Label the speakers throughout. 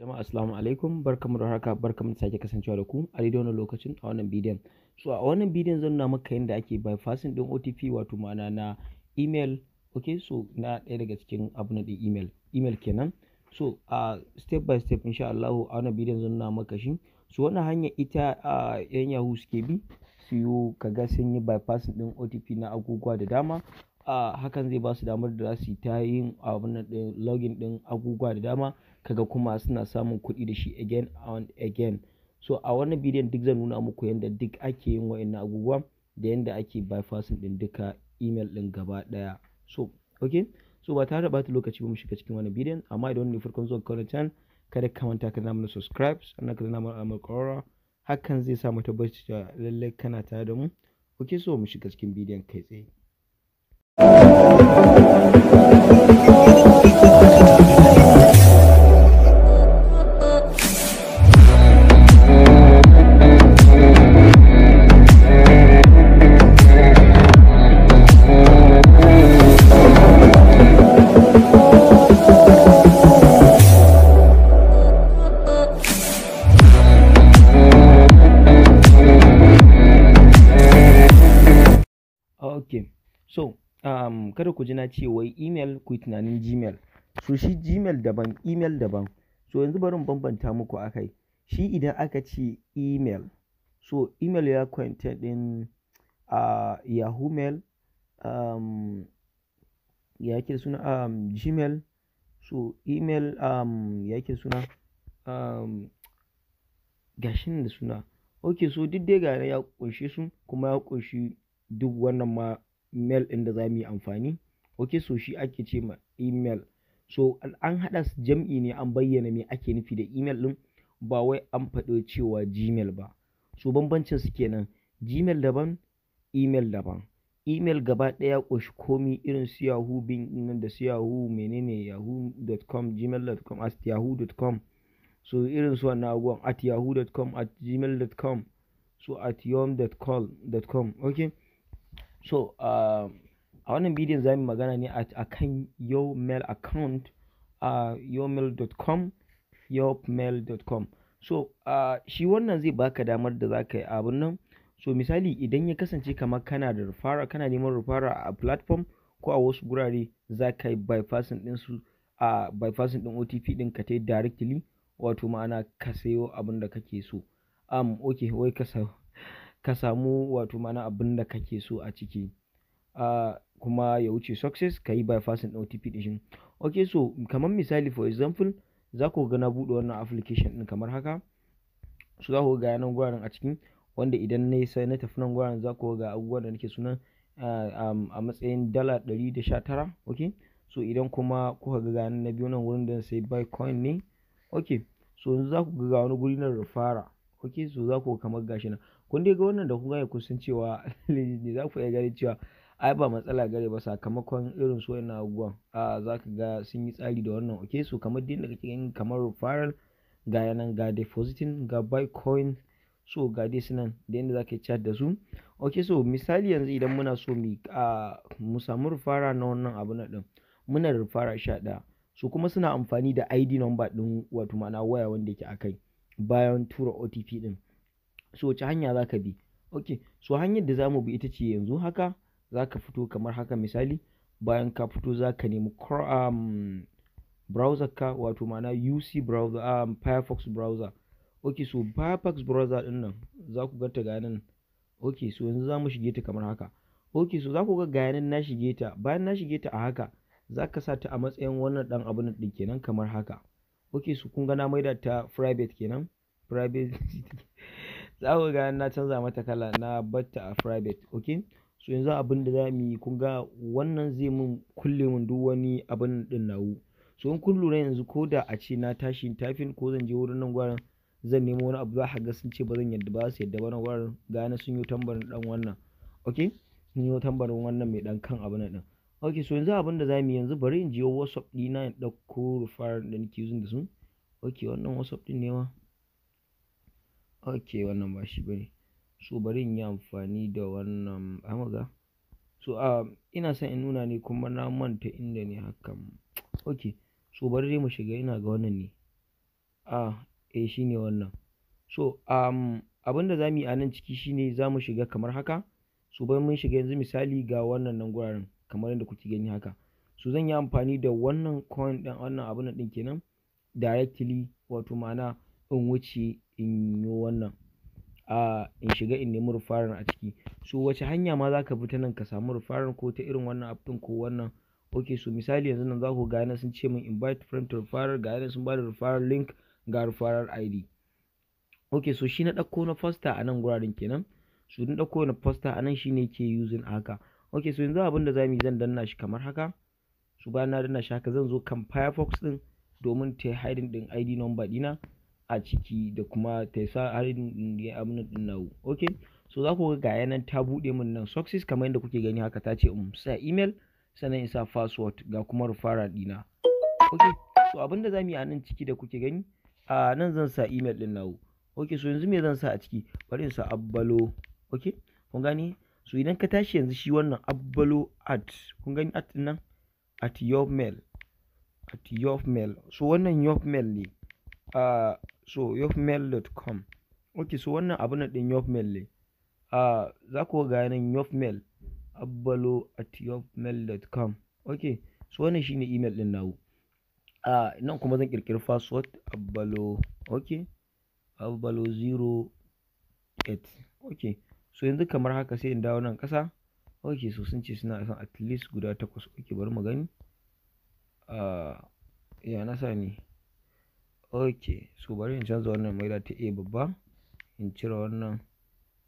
Speaker 1: Jama'a assalamu alaikum barkamu da haka barkamu da sake kasancewa da ku a daidai wannan lokacin a wannan bidiyon. So a wannan bidiyon zan nuna maka yadda ake bypassing din OTP wato ma'ana na email okay so na ɗaya daga cikin abu na din email email kenan. So a step by step insha Allah a wannan bidiyon zan nuna maka shi. So wannan hanya ita a yan Yahoo suke bi su kaga sun yi bypassing din OTP na abubuwa da dama a hakan zai ba su damar da za su yi ta yin abin din login din abubuwa da dama kaga kuma suna samun kuɗi da shi again and again so a wannan bidiyon duk zan nuna muku yadda duk ake yin wa'annan abubuwa da yadda ake bypassing din duka email din gaba daya so okay so ba tare da bata lokaci ba mu shiga cikin wannan bidiyon amma idan wani farkon zuwa kawai can kada ka manta ka zama subscribe sannan ka zama alamar ƙwararra hakan zai sa mu tabbatar da lallai kana tare da mu okay so mu shiga cikin bidiyon kai tsaye So, um, kada ku ji na ce wai email ku tunanin Gmail. So shi Gmail daban, email daban. So yanzu bari mu bambanta muku akai. Shi idan aka ce email, so email ya kwanta a uh, Yahoo Mail, um, ya ke suna um, Gmail, so email um, ya ke suna um, gashin da suna. Ok, so duk dai ga ya kunshi su kuma ya kunshi duk wannan ma mail ɗin da za mu yi amfani ok so shi ake ce ma email so an haɗa su jam'i ne an bayyana me ake nufi da email ɗin ba wai an faɗo cewa gmail ba so bambancin su kenan gmail daban email daban email gaba ɗaya ƙunshi komi irin su yahoo bin nan da su yahoo menene yahoo.com gmail.com at yahoo.com so irin su wannan abubuwan at yahoo.com at gmail.com so at yom.com ok so uh, a wannan bidiyon za mu magana ne a kan yomel account a uh, yourmail.com so uh, shi wannan zai baka damar da za ka yi abin nan so misali idan ya kasance kamar kana da rufara kana neman rufara a platform ko a wasu gurare za ka yi bypassing din a uh, bypassing din OTP din ka ta yi directly wato ma'ana ka sayo abin da kake so um okay wai ka ka samu wato mana abin da kake so a ciki uh, kuma ya wuce success ka yi bypassing ɗin OTP ɗin shi ok so kamar misali for example za ku ga na buɗe wannan application ɗin kamar haka su za ku ga yanan gwaran a cikin wanda idan na sai na tafi nan gwaran za ku ga abubuwa da nake sunan a matsayin dala ɗari da sha tara ok so idan kuma kuka ga gani na biyu nan wurin da sai bitcoin ne ok so yanzu za ku ga wani guri na rufara ok so za ku kamar gashi nan kun dai ga wannan da kun gane kusan cewa ne za ku iya gane cewa ai ba matsala gare ba sakamakon irin su wannan abubuwan a za ka ga sun yi tsari da wannan ok so kamar din da kake gani kamar referral ga yanan ga depositing ga coin so ga dai sunan da yadda za ka yi chat da su ok so misali yanzu idan muna so mu samu referral na wannan abu na din muna referral sha ɗaya su kuma suna amfani da id number din wato ma'ana waya wanda yake akai bayan tura otp din so wace hanya za ka bi ok so hanyar da za mu bi ita ce yanzu haka za ka fito kamar haka misali bayan ka fito za ka nemi um, browser ka wato ma'ana uc browser um, firefox browser ok so firefox browser din nan za ku ta ga nan ok so yanzu za mu shige ta kamar haka ok so za ku ga ga nan na shige ta bayan na shige ta a haka za ka sa ta a matsayin wannan dan abin ke kenan kamar haka ok so kun ga na maida ta private kenan private za ku ga na canza mata kala na batta a private ok so yanzu abin da za mu yi kun ga wannan zai mun kulle mun duk wani abin din nawo so in kun lura yanzu ko da a ce na tashi tafin ko zan je wurin nan gwaran zan nemo wani abu za ka ga sun ce ba zan yadda ba su yadda ba na gwaran gane sun yi tambarin dan wannan ok sun yi tambarin wannan mai dan kan abin din ok so yanzu abin da za mu yi yanzu bari in je whatsapp dina in ɗauko rufar da nake using da su ok wannan whatsapp din ne ma ok wannan ba shi bane. So bari in yi amfani da wannan amaga. So a ah, ina son in nuna ne kuma na manta inda ne hakan. ok so bari dai mu shiga ina ga wannan ne. A ah, eh shine wannan. So um da za mu yi a nan ciki shine za mu shiga kamar haka. So bari mun shiga yanzu misali ga wannan nan guraren kamar yadda kuke gani haka. So zan yi amfani da wannan coin ɗin wannan abin nan ɗin kenan directly wato ma'ana in wuce in yi wannan, a in shiga in nemi referral a ciki. So wace hanya ma zaka bi ta nan ka samu referral ko ta irin wannan app din ko wannan. Ok so misali yanzu nan zaku ga nan sun ce min invite friend to referral ga nan sun bada referral link ga referral ID. Ok so shi na dauko na poster a nan guraren kenan. So na dauko na poster a nan shine yake using haka. Ok so yanzu abin da za yi zan danna shi kamar haka. So bayan na danna shi haka zan zo kan Firefox din domin ta hiding ɗin ID number dina. a ciki da kuma ta sa har abin din nawo Ok, so za ku ga yanan ta buɗe min nan success kamar yadda kuke gani haka ta ce in sa email sannan in sa password ga kuma rufara dina Ok, so abinda za mu yi a nan ciki da kuke gani a nan zan sa email din nawo Ok, so yanzu me zan sa a ciki bari in sa abbalo Ok, kun gani so idan ka tashi yanzu shi wannan abbalo at kun gani at nan at your mail at your mail so wannan your mail ne so yofmail.com ok so wannan abu na ɗin yofmail ne uh, za ku ga yanayin yofmail abbalo at yofmail.com ok so wannan shine email ɗin nawo uh, nan kuma zan ƙirƙiri password abbalo ok abbalo 08 ok so yanzu kamar haka sai in dawo nan ƙasa ok so sun ce suna son at least guda takwas ok bari mu gani uh, ya nasa na ne ok so bari in canza wannan maida ta a babba in cire wannan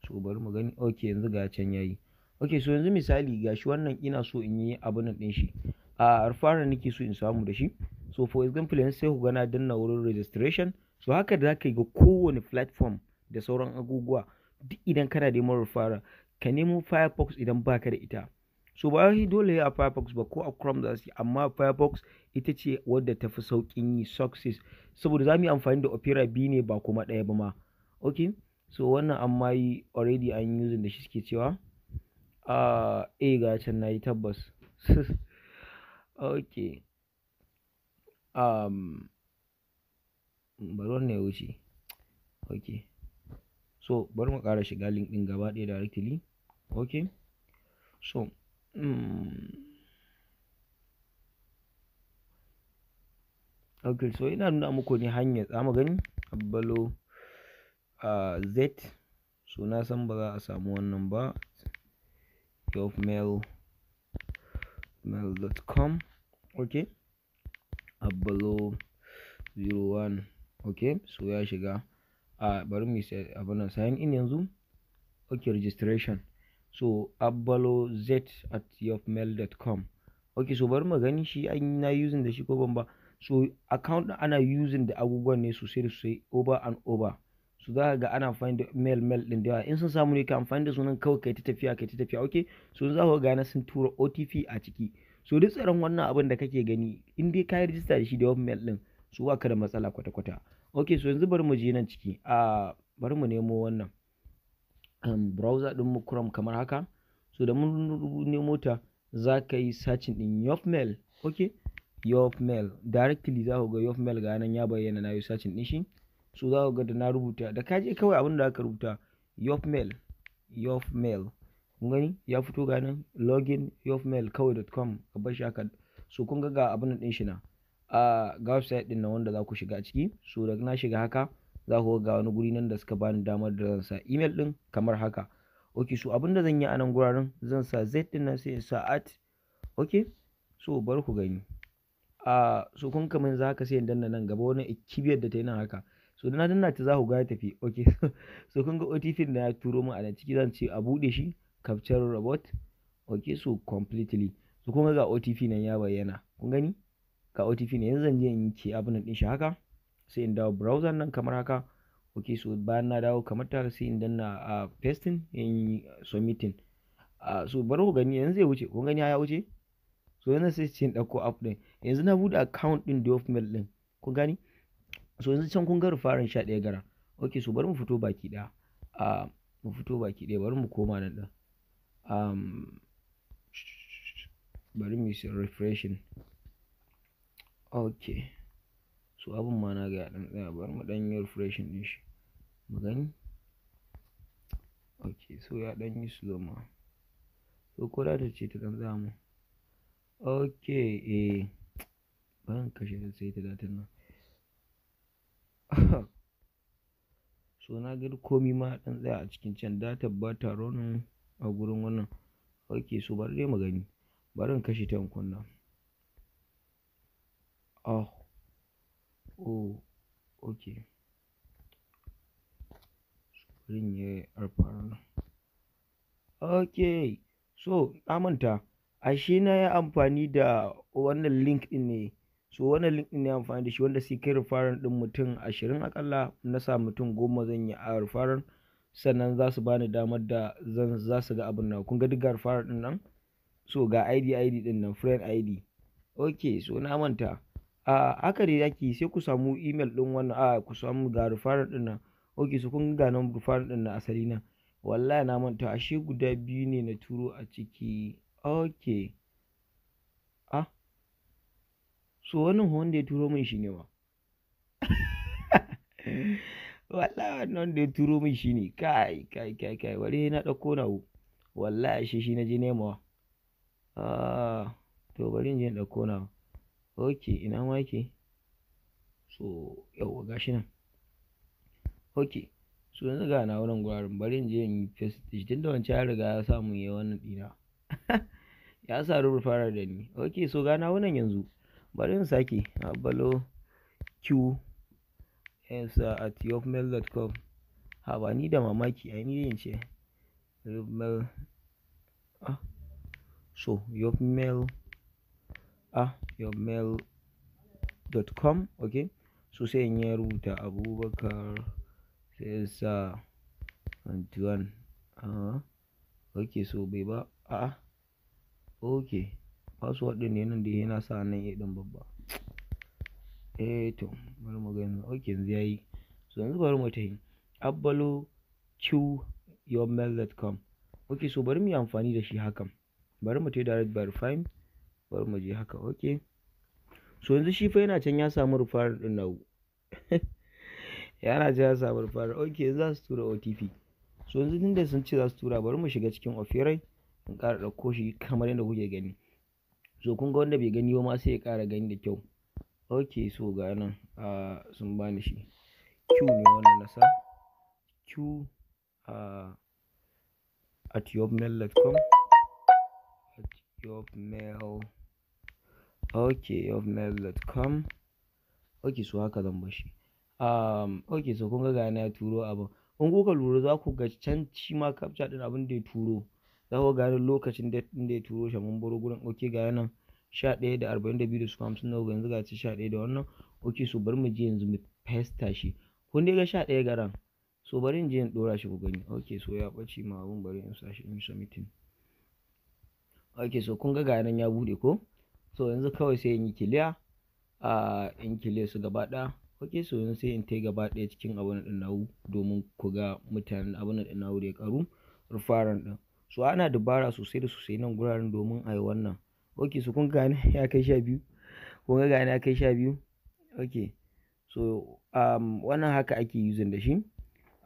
Speaker 1: so bari mu gani ok yanzu ga can yayi ok so yanzu misali gashi wannan ina so in yi nan din shi a alfara nake so in samu da shi so for example yanzu sai ku gana na wurin registration so haka da zaka yi ga kowane platform da sauran agogowa duk idan kana da mara fara ka nemo firefox idan baka da ita so ba yi dole a firefox ba ko a chrome za su yi amma firefox ita ce wadda ta fi sauƙin yi success saboda za mu yi amfani da opera biyu ne ba kuma ɗaya ba ma ok so wannan an ma yi already an yi using da shi suke cewa a ah, eh ga can na yi tabbas ok um, bari wannan ya wuce ok so bari mu ƙara shiga link ɗin gaba ɗaya directly ok so Mm. Okay, so ina nuna muku ne hanyar za mu gani abbalo uh, z so na san ba za a samu wannan ba yofmail.com okay abbalo 01 okay so ya shiga a uh, bari mu sai abin sign in yanzu okay registration So abbaloz at yahoomail.com. Okay, so bari mu gani shi an na using da shi ko ban ba. So account ana using da abubuwan ne sosai da sosai over and over. so za ga ana amfani da mail mail din da yawa in sun samu ne ka amfani da sunan kawai kai ta tafiya kai ta tafiya okay so za ka gane sun tura OTP a ciki so duk tsaron wannan abin da kake gani in dai ka rijista da shi da mail din su ba ka da matsala kwata kwata okay so yanzu bari mu je nan ciki a ah, bari mu nemo wannan Um, browser ɗinmu Chrome kamar haka so da mun nemo ta za ka yi searching ɗin Yopmail ok Yopmail directly za ku ga Yopmail ga nan ya bayyana na yi searching ɗin shi so za ku ga da na rubuta da ka je kawai abin da aka rubuta Yopmail Yopmail kun gani ya fito ga nan login dot com ka bar shi haka so kun ga ga abin ɗin shi na a ga website ɗin na wanda za ku shiga ciki so da na shiga haka za ku ga wani guri nan da suka bani damar da zan sa email din kamar haka okay so abinda zan yi a nan guraren zan sa z din nan sai sa at okay so bar ku gani a so kun kama za haka sai in danna nan gaba wani kibiyar da ta yi nan haka so na danna ta za ku ga tafi ok so kun ga otp da ya turo min a nan ciki zan ce a bude shi capture robot okay so completely so kun ga otp nan ya bayyana kun gani ga otp ne yanzu zan je in yi ke abin ɗin shi haka sai in dawo browser nan kamar haka ok so bayan na dawo kamar ta sai in danna a pasting in submitting uh, so bari ku gani yanzu zai wuce kun gani ya wuce so yanzu sai ce in ɗauko app ɗin yanzu na bude account ɗin mail ɗin kun gani so yanzu can kun ga rufarin sha ɗaya gara ok so bari mu fito baki ɗaya a mu fito baki ɗaya bari mu koma nan ɗin um, bari mu yi refreshing Okay. So abin ma na ga ya ɗan tsaya bari mu ɗan yi refreshing ɗin shi mu gani. Ok so ya ɗan yi slow ma. So ko da ta ce ta ɗan zamu Ok eh bari kashe ta sai ta datan nan. so na ga komi ma ɗan tsaya a cikin can data ba ta ronin a gurin wannan. Ok so bari dai mu gani bari in kashe ta in kunna. Oh. Oh, okay. Screen yayi alfarma. Okay, so na manta. Ashe na yi amfani da wannan link ɗin ne. So wannan link ɗin na yi amfani da shi wanda sai kai referral ɗin mutum ashirin aƙalla na sa mutum goma zan yi a referral sannan za su bani damar da zan za su ga abin nan. Kun ga duka ga referral ɗin nan? So ga ID ID ɗin nan, friend ID. Okay, so na manta. a haka dai zaki sai ku samu email din wannan a ku samu ga referral din nan okay so kun ga nan referral din nan asali nan wallahi na manta ashe guda biyu ne na turo a ciki okay ah so wannan wanda ya turo min shi ne ba wallahi wannan da ya turo min shi ne kai kai kai kai wale na dauko na wallahi ashe shi na je nemawa ah to bari in je dauko na Okay, ina ma yake? So, yauwa shi nan. Okay, so yanzu ga na wurin gurarin bari in je in yi face stitch tunda wancan ya riga ya samu yi wannan dina. ya sa rubur fara da ni. Okay, so ga na wurin yanzu. Bari in sake a balo Q S at yofmail.com. Ha ba ni da mamaki ai ni yin ce. Yofmail. Ah. So, yofmail.com. a ok so sai in ya rubuta abubakar sai in sa 21 uh, ok so bai ba a ok password din ne nan da yana sa nan ya dan babba eh to bari mu gani ok yanzu yayi so yanzu bari mu tafi abbalo q yourmail.com ok so bari mu yi amfani da shi hakan bari mu tafi direct verifying bari mu je haka oke so yanzu shi fa yana can ya samu rufar din nau yana can ya samu rufar oke za su tura otp so yanzu tun da sun ce za su tura bari mu shiga cikin ofirai in kara da koshi kamar yadda kuke gani so kun ga wanda bai gani ba ma sai ya kara gani da kyau oke so ga nan sun bani shi q ne wannan nasa q at yobmail.com at yobmail.com Okay, hotmail.com. Okay, so haka zan bashi. Um, okay, so kun ga gani ya turo abin. In kuka lura za ku ga can shi ma captcha ɗin abin da ya turo. Za ku gane lokacin da ya turo shi mun baro gurin. Okay, ga nan sha ɗaya da arba'in da biyu da su hamsin na uku yanzu ga ci sha ɗaya da wannan. Okay, so bari mu je yanzu mu pesta shi. Kun dai ga sha ɗaya garan. So bari in je in ɗora shi ku gani. Okay, so ya ɓace ma abin bari in sa shi in submitting. Okay, so kun ga ga nan ya bude ko? so yanzu kawai sai in yi kiliya a in kiliya su gaba ɗaya ok so yanzu sai in tai gaba ɗaya cikin abin na nawu domin ku ga mutanen abin na nawu da ya karu. rufaran ɗin so ana dabara sosai da sosai nan guraren domin a yi wannan ok so kun gane ya kai sha biyu kun ga gane ya kai sha biyu ok so um, wannan haka ake using da shi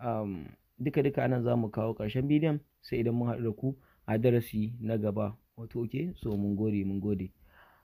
Speaker 1: um, duka duka nan za mu kawo ƙarshen bidiyon sai idan mun haɗu da ku a darasi na gaba wato ok so mun gode mun gode